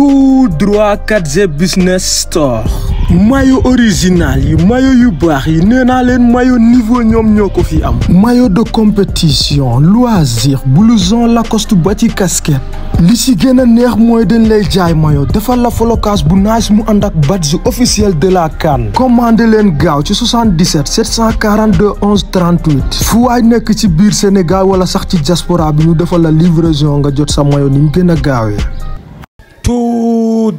tout droit 4G business store. mayo original yi mayo yu baax yi nee naa leen mayo niveau ñoom ñoo ko fi am. mayo de compétition loisir blouson lacoste ba ci casquette. li ci gën a neex mooy dañ lay jaay mayo defal la flocage bu nice mu ànd ak badge officiel de la CAN. commandé leen gaaw ci 77 742 11 38. fu waay nekk ci biir Sénégal wala sax ci diaspora bi ñu defal la livraison nga jot sa mayo ni mu gën a gaawee.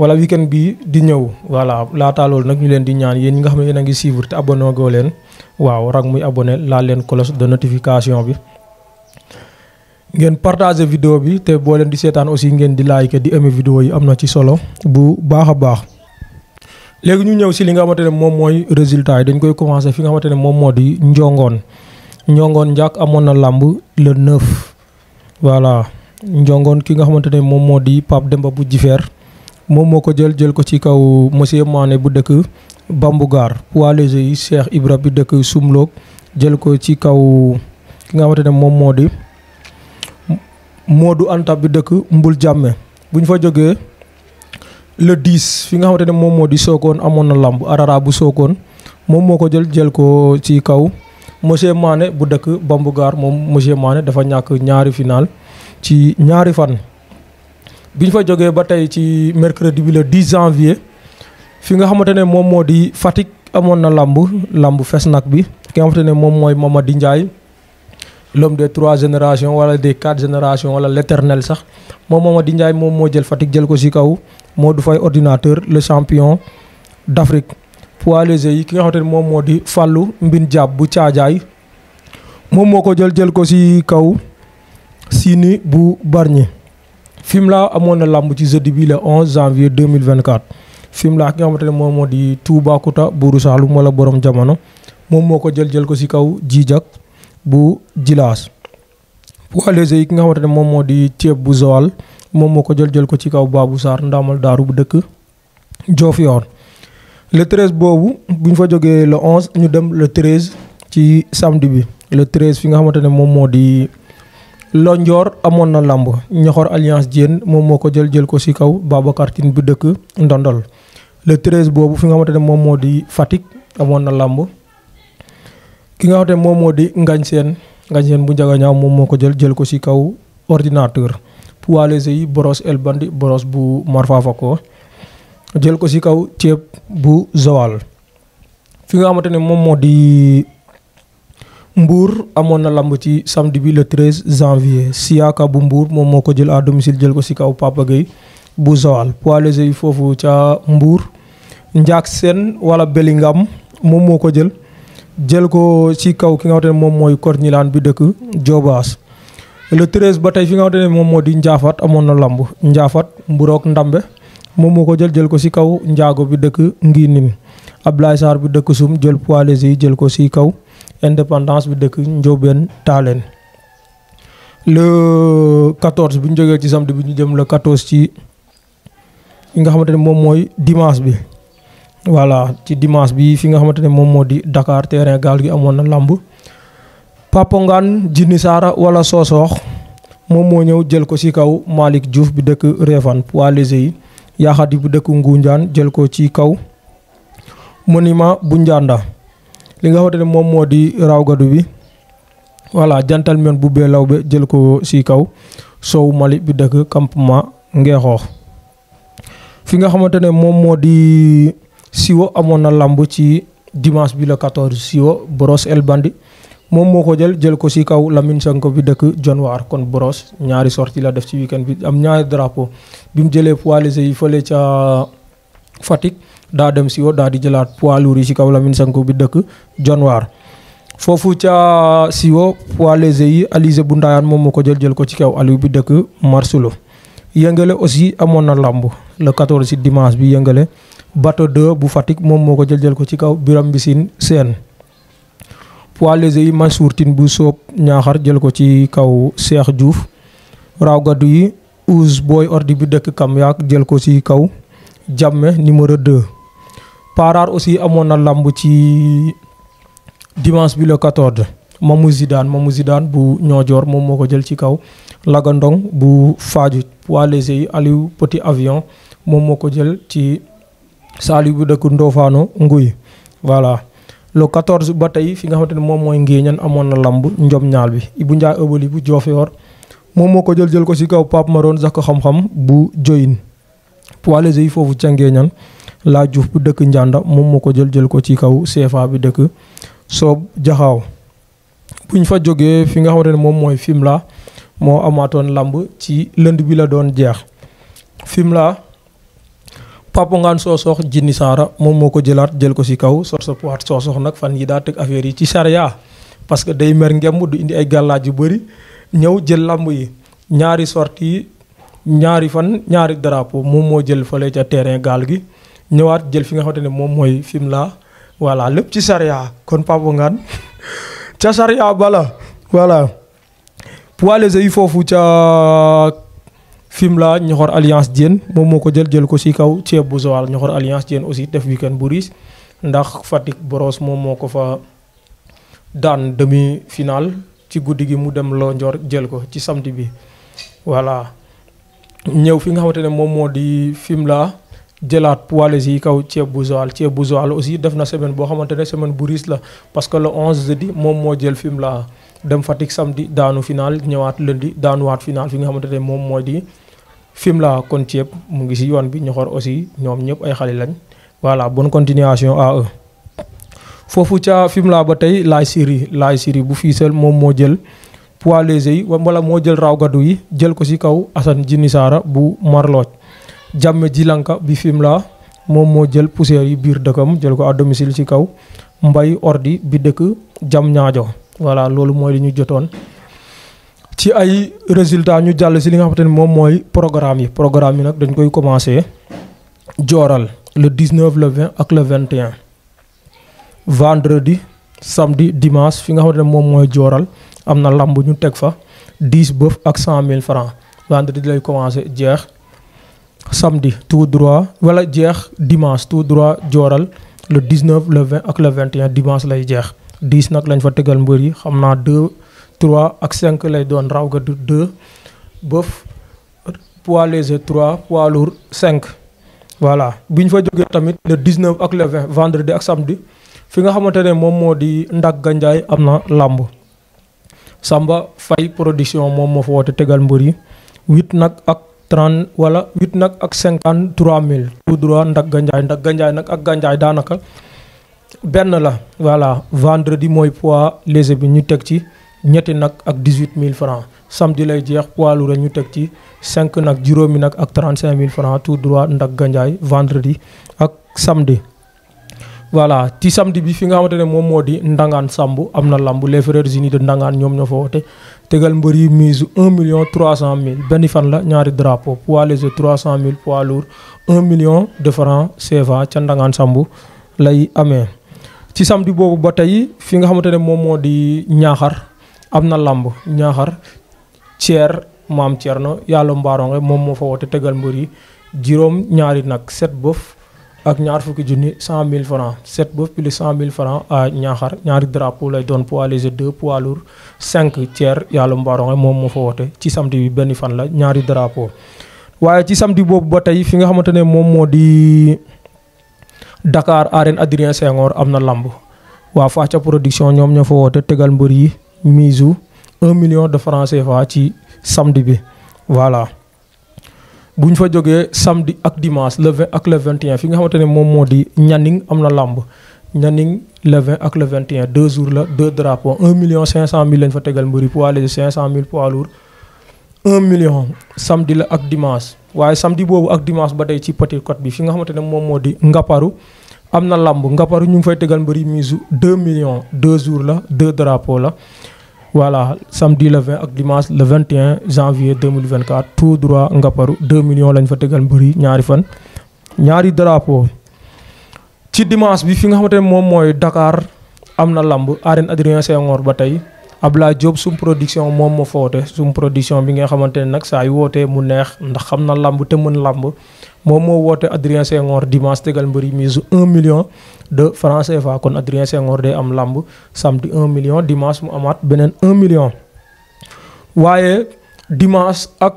wala weekend bi di wala voilà ta lol nak ñu leen di ñaan yeen nga xam ne yéen ngi suivre te abonné go leen waaw rag muy abonné la leen cloche de notification bi ngeen partager vidéo bi te bo leen di seetaan aussi ngeen di like di aimer vidéo yi am ci solo bu baaxa baax légui ñu ñew si li nga xamantene mom moy résultat yi dañ koy commencer fi nga xamantene mom modi ñongon di njongon njongon lamb amon na le 9 voilà ñongon ki nga xamantene mom modi pap di pap Demba bu jifer moom moo ko jël jël ko ci kaw monsieur Mané bu dëkk Bambougar poids léger Cheikh Ibra bi dëkk Soumloog jël ko ci kaw ki nga xamante ne moom moo di Modou Anta bi dëkk Mbul Jàmme bu fa jógee le 10 fi nga xamante ne moom moo di Sokone amoon na lamb arara bu moom moo ko jël jël ko ci kaw monsieur Mané bu dëkk Bambougar moom monsieur Mané dafa ñàkk ñaari final ci ñaari fan. bi ñu fa jógee ba tey ci mercredi bi le 10 janvier fi nga xamante ne moom moo di Fatick amoon na lamb lamb fes nag bi ki nga xamante ne moom mooy di Ndiaye l'homme de trois générations wala des quatre générations wala l'éternel sax moom Mamadi Ndiaye moom moo jël Fatick jël ko si kaw moo du fay ordinateur le champion d'Afrique poids léger yi ki nga xamante ne moom moo di Fallou Mbin Diab bu Caajaay moom moo ko jël jël ko si kaw Sini bu Bargny Fimela amoon na làmb ci jeudi bi le 11 janvier 2024 laa ki nga xamante ne moom moo di Toubacouta buuru Saalum wala borom jamono moom moo ko jël jël ko ci kaw jiijak bu jilaas poids léger yi ki nga xamante ne moom moo di ceeb bu Joal moom moo ko jël jël ko ci kaw Babou Sarr ndaamal daaru bu dëkk Diofior le traize boobu buñ fa jogee le 11 ñu dem le 13 ci samedi bi le 13 fi nga xamante ne moom moo di lonjor amon na lamb ñoxor alliance jeen mom moko ko jël jël ko ci kaw Babacar tin bu dëkk Ndondol le 13 bobu fi nga xamante ne di Fatick na lamb ki nga xamante mom modi di Ngagne sen Ngagne Sène bu jaga ñaw mom ko jël jël ko ci kaw ordinateur yi Boros El Bandi Boros bu Marfa Fako jël ko ci kaw tiep bu zoal fi nga xamante ne di Mbour amoon na lamb ci samedi bi le 13 janvier Siaka bu mbuur moom moo ko jël à domicile jël ko si kaw Papa Gueye bu Joal poids yi foofu ca Mbour Ndiak Sène wala Bellingham moom moo ko jël jël ko ci kaw ki nga xamante ne moom mooy Kornilaan bi dëkk joobaas le 13 ba tey fi nga xamante ne moom moo di Ndiafat amoon na lamb Ndiafat Mburook Ndambe moom moo ko jël jël ko ci kaw Njaago bi dëkk Nginin Ablaye Sarr bi dëkk Soum jël poids léger yi jël ko ci kaw. indépendance bi dëkk Ndiobène Talen le 14 bi ñu jógee ci samedi bi ñu jëm le 14 ci yi nga xamantene ne moom mooy dimanche bi voilà ci dimanche bi fi nga xamantene moom di Dakar terrain gaal gi amoon na lamb papongan jinni Saara wala Soosoox moom moo ñëw jël ko ci kaw malik Diouf bi dëkk revan poids léger yi Yaxadi bu dëkk Ngunjaan jël ko ci kaw monument bu li nga xamante ne moom di raw gadu bi voilà jantal men bu bee law be jël ko si kaw sow Mali bi dëkk campement Ngeexoox fi nga xamante ne moom di siwo amoon na lamb ci dimanche bi le 14 siwo bros El Bandi moom moo ko jël jël ko si kaw Lamine Sanko bi dëkk John kon Bros ñaari sorti la def ci weekend bi am ñaari drapeau bi mu jëlee poids yi fële ca daa dem si wo daa di jëlaat poids lourd yi si kaw Lamine Sanko bi dëkk Dionewar foofu ca siwo poids léger yi Alizé bu ndaayaan moom moo ko jël jël ko ci kaw Aliou bi dëkk Marsoulo yëngale aussi amoon na lamb le 14 si dimanche bi yëngale bato 2 bu Fatick moom moo ko jël jël ko ci kaw Biram Bisin Seen poids léger yi Mansour Tine bu soob ñaaxar jël ko ci kaw Cheikh Diouf raw gaddu yi Ouz Boy Ordi bi dëkk Kam yaak jël ko ci kaw Jamme numéro 2 Parar aussi amoon na lamb ci dimanche bi le 14 Mamou Zidane Mamou Zidane bu ñoojoor moom moo ko jël ci kaw Lagandong bu Fadiouth waa léger yi Aliou Petit Avion moom moo ko jël ci Saliou bu dëkk Ndofano Nguy voilà le 14 ba tey fi nga xamante ne moom mooy Ngéeñan amoon na lamb njom ñaal bi bu Ndiaye Obali bu Diofior moom moo ko jël jël ko ci kaw Pape Maroon Zaka xam-xam bu Joyin poids yi foofu cangee ñan laa juuf bu dëkk njànda moom moo ko jël jël ko ci kaw CFA bi dëkk soob jaxaw buñ fa jógee fi nga xamante ne moom mooy Fimela moo amaatoon lamb ci lënd bi la doon jeex Fimela Papa Ngaan Sossox jinni Saara moom moo ko jëlaat jël ko si kaw soo Sossox nag fan yi daa tëg affaire yi ci charia parce que day mer ngemb du indi ay gàllaaj yu bari ñëw jël lamb yi ñaari sorti ñaari fan ñaari drapeau moom mo jël fele ci terrain gal gi ñëwaat jël fi nga xamante mom moy mooy la voilà lepp ci sharia kon bo Ngane ci sharia bala voilà poids léger yi ci ca la ñoxor Alliance Diène mom moko ko jël jël ko ci kaw ci bu Joal ñoxor Alliance Diène aussi def weekend bu ndax fatik Boros mom moko fa dan demi final ci goudi gi mu dem lo ndior jël ko ci samedi bi voilà. ñëw fi nga xamante ne moom moo di Fimela jëlaat poids yi kaw ceeb bu Joal ceeb bu Joal aussi def na semaine boo xamante ne semaine bu riis la parce que le 11 di moom moo jël Fimela dem Fatick samedi daanu final ñëwaat lundi daanuwaat final fi nga xamante ne moom moo di Fimela kon ceeb mu ngi si yoon bi ñoxor aussi ñoom ñëpp ay xale lañ voilà bon continuation à eux. foofu ca Fimela ba tey laaj siri laaj siri bu fiisal moom moo jël. poids léger yi wala moo jël raw gaddu yi jël ko ci kaw Assane Djini Saara bu Marlooj jàmme jilanka bi fim la moom moo jël poussière yi biir dëkkam jël ko à domicile ci kaw mbay ordi bi dëkk jam ñaajo voilà loolu mooy li ñu jotoon ci ay résultats ñu jàll si li nga xamante ni moom mooy programme yi programme yi nag dañ koy commencé jooral le 19 le 20 ak le 21 vendredi samedi dimanche fi nga xamante mom moy joral amna lamb ñu tek fa 10 bœuf ak 100000 francs vendredi lay commencer jeex samedi tout droit wala jeex dimanche tout droit joral le 19 le 20 ak le 21 dimanche lay jeex 10 nak lañ fa tegal mbër yi xam 2 3 ak 5 lay doon raw ga 2 bœuf poids léger 3 poids lourd 5 voilà buñ fa joggé tamit le 19 ak le 20 vendredi ak samedi. fi nga xamante ne moom moo di Ndaga Njaay am na làmb Samba Faye production moom moo fa woote tegal mbër yi huit nag ak trente wala huit nag ak cinquante trois mille tout droit Ndaga Njaay Ndaga Njaay nag ak Ganjaay daanaka benn la voilà vendredi mooy poids léger bi ñu teg ci ñetti nag ak dix huit mille francs samedi lay jeex poids lourd ñu teg ci cinq nag juróomi nag ak trent cinq mille francs tout droit Ndaga Njaay vendredi ak samdi voilà ci samedi bi fi nga xamante ne moom moo di Ndangaan Samb am na lamb les frères unis de Ndangaan ñoom ñoo fa woote tegal mbër yi mise 1 million 300 mille benn fan la ñaari drapeau poids léger 300 mille poids lourd 1 million de francs CFA ca Ndangaan Samb lay amee. ci samedi boobu ba tey fi nga xamante ne moom moo di ñaaxar am na lamb ñaaxar Thier maam Thierno yàlla mbaaronge moom moo fa woote tegal mbër yi juróom ñaari nag set bëf. ak ñaar fukki junni cent mille francs sept boobu plus cent mille francs à Niakhar ñaari drapeau lay doon poids léger deux poids lourd cinq tiers yàlla mbaronge moom moo fa woote ci samedi bi benn fan la ñaari drapeau waaye ci samdi boobu ba tey fi nga xamante ne moom moo di Dakar arène Adrien Senghor am na lamb waa Fathia production ñoom ñoo fa woote tegal mbër yi mise un million de francs CFA ci samedi bi voilà bu ñu fa jógee samedi ak dimanche le 20 ak le 21 fi nga xamante ne moom moo di ñaning am na làmb ñaning le 20 ak le 21 deux jours la deux drapeaux 1 million 500 mille lañ fa tegal mbëri poids léger cent mille poids lourd 1 million samedi la ak dimanche waaye samedi boobu ak dimanche ba tey ci Petite Côte bi fi nga xamante ne moom moo di Ngaparu am na làmb Ngaparu ñu ngi fay tegal mbëri mise deux million deux jours la deux drapeaux la. voilà samedi le 20 ak dimanche le 21 janvier 2024 tout droit Ngaparou 2 millions lañ fa tegal mbër ñaari fan. ñaari drapeau ci dimanche bi fi nga xamante ne moom mooy Dakar am na lamb arène Adrien Senghor ba tey. Abla job sum production mom mo foote sum production bi nga xamante nak nag saa yu mu neex ndax xamna na lamb te mën lamb mom mo woote Adrien Senghor dimanche tegal mbëri mise 1 million de France CFA kon Adrien Senghor day am lamb samedi 1 million dimanche mu amat benen 1 million. waaye dimanche ak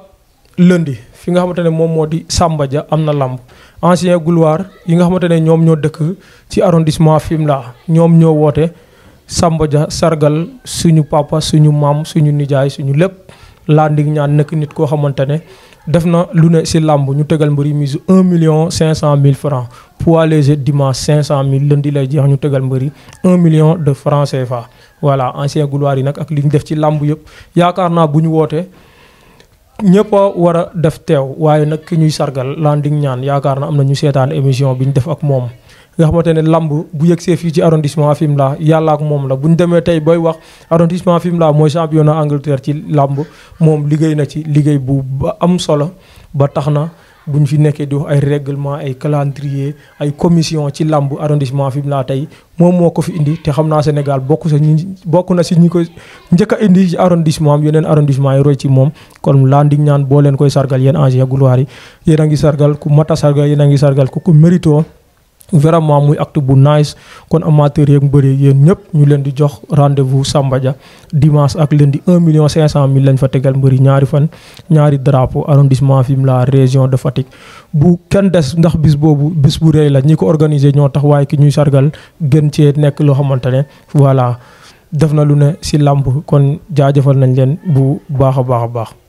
lundi fi nga xamante ne moom di Samba ja am na lamb ancien gouloir yi nga xamante ñom ñoo dëkk ci arrondissement fimla ñom ñoo wote Samba Dia sargal suñu papa suñu maam suñu nijaay suñu lépp Landing ñaan nekk nit koo xamante ne def na lu ne si làmb ñu tegal mbëri mise un million cinq cent mille francs poids léger dimanche cinq cent mille lundi lay jeex ñu tegal mbëri un million de francs CFA voilà ancien gloire yi nag ak li ñu def ci làmb yëpp yaakaar naa bu ñu wootee ñëpp a war a def teew waaye nag ki ñuy sargal Landing ñaan yaakaar na am na ñu seetaan émission bi ñu def ak moom nga xamante ne làmb bu yëgsee fii ci arrondissement Fimela yàlla ak moom la bu demee tey booy wax arrondissement Fimela mooy championnat Angleterre ci lamb moom liggéey na ci liggéey bu am solo ba tax na bu ñu fi nekkee di ay réglement ay calendrier ay commission ci lamb arrondissement Fimela tey moom moo ko fi indi te xam naa Sénégal bokk sa ñu bokk na si ñu ko njëkk indi ci arrondissement am yeneen arrondissement yi roy ci moom kon laa ndig ñaan boo leen koy sargal yéen Angers Goulouard yi yéen a ngi sargal ku mata sargal a ngi sargal ku ku mérito vraiment muy acte bu nice kon amateur yeeg mbëri yéen ñëpp ñu leen di jox rendez-vous Samba Dia dimanche ak di un million cinq 500 mille lañ fa tegal mbëri ñaari fan ñaari drapeau arrondissement la région de Fatick bu kenn des ndax bis boobu bis bu rëy la ñi ko organisé ñoo tax waaye ki ñuy sargal gën cee nekk loo xamante ne voilà def na lu ne si làmb kon jaajëfal nañ leen bu baax a baax a baax